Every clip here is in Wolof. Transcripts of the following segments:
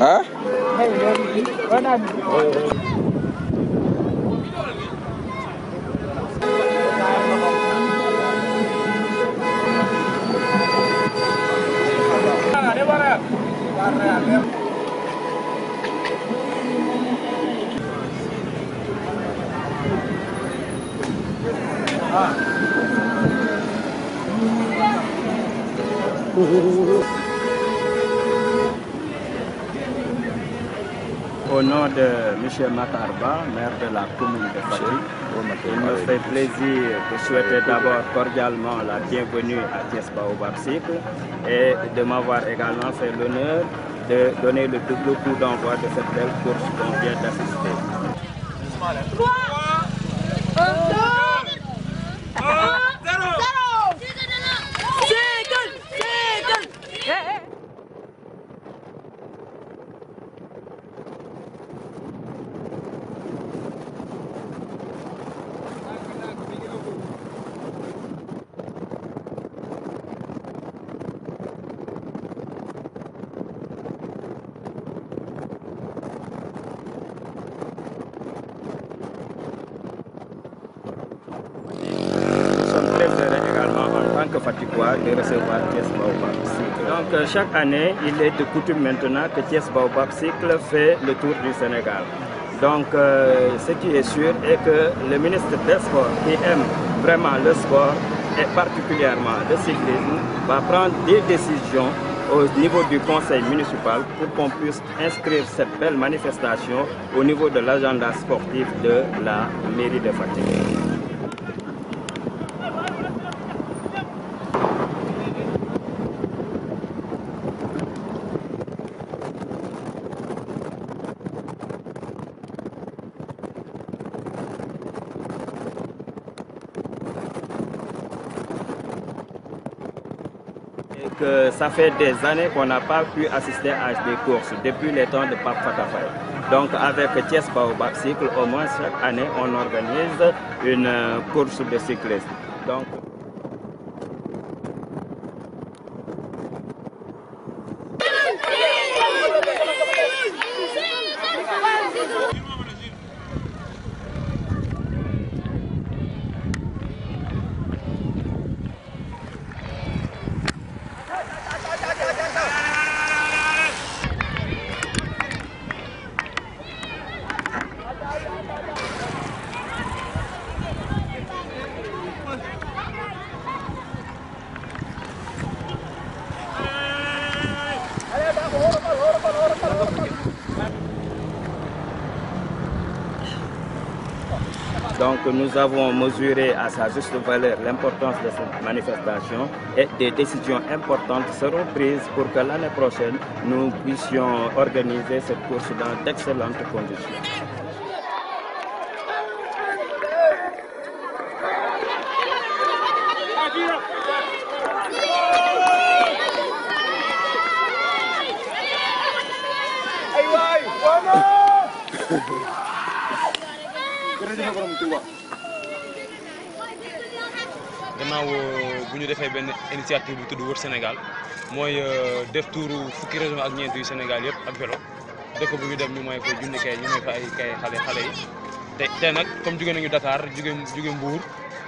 ah Au nom de M. maire de la commune de Fatick, il me fait plaisir de souhaiter d'abord cordialement la bienvenue à Thiès Baobab Cycle et de m'avoir également l'honneur de donner le double coup d'envoi de cette belle course qu'on d'assister. du bois de recevoir Thiès Baobab Donc euh, chaque année, il est de coutume maintenant que Thiès Baobab fait le tour du Sénégal. Donc euh, ce qui est sûr est que le ministre des Sports qui aime vraiment le sport et particulièrement le cyclisme va prendre des décisions au niveau du conseil municipal pour qu'on puisse inscrire cette belle manifestation au niveau de l'agenda sportif de la mairie de Fatick. que ça fait des années qu'on n'a pas pu assister à des courses depuis les temps de Pape Fatafay. Donc avec Thiès Baobab Cycle, au moins chaque année, on organise une euh, course de cyclistes. Donc, Donc nous avons mesuré à sa juste valeur l'importance de cette manifestation et des décisions importantes seront prises pour que l'année prochaine, nous puissions organiser cette course dans d'excellentes conditions. jërëjëf borom Touba. bu ñu defee benn initiative bu tudd wër Sénégal mooy euh, def tuuru fukki région ak ñeent yu Sénégal yëpp ak vélo dëkk bu ñu dem ñu may fa junni kay ñu nekk fa ay kay xale xale yi te nag comme jóge nañu Dakar jóge jóge Mbour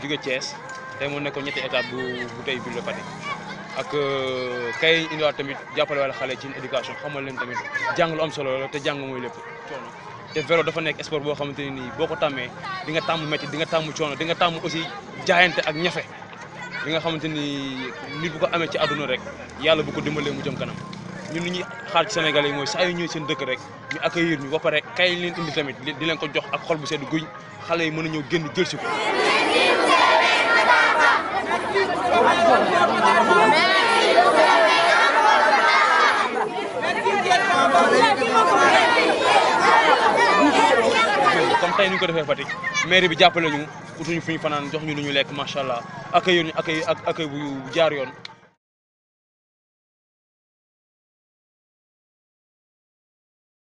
jóge Thiès tey moo nekkoon ñetti étape bu bu tey bi la Fatick ak euh, kay indiwaat tamit jàppale wala xale ci une éducation leen tamit jàng lu am solo la te jàng mooy lépp te vélo dafa nekk sport boo xamante ne nii boo ko tàmmee di nga tàmm métti di nga tàmm coono di nga tàmm aussi jaayante ak ñafe li nga xamante ni nit bu ko amee ci àdduna rek yàlla bu ko dimbalee mu jëm kanam ñun li ñuy xaar ci Sénégalais yi mooy saa yu ñëw seen dëkk rek ñu accueillir ñu ba pare kay leen indi tamit di leen ko jox ak xol bu sedd guñ xale yi mën a ñëw génn jël si ko. tey ni ñu ko defee Fatick mairie fu ñu fanaan jox ñu lu ñu lekk macha allah accueil ñu accueil accueil bu jaar yoon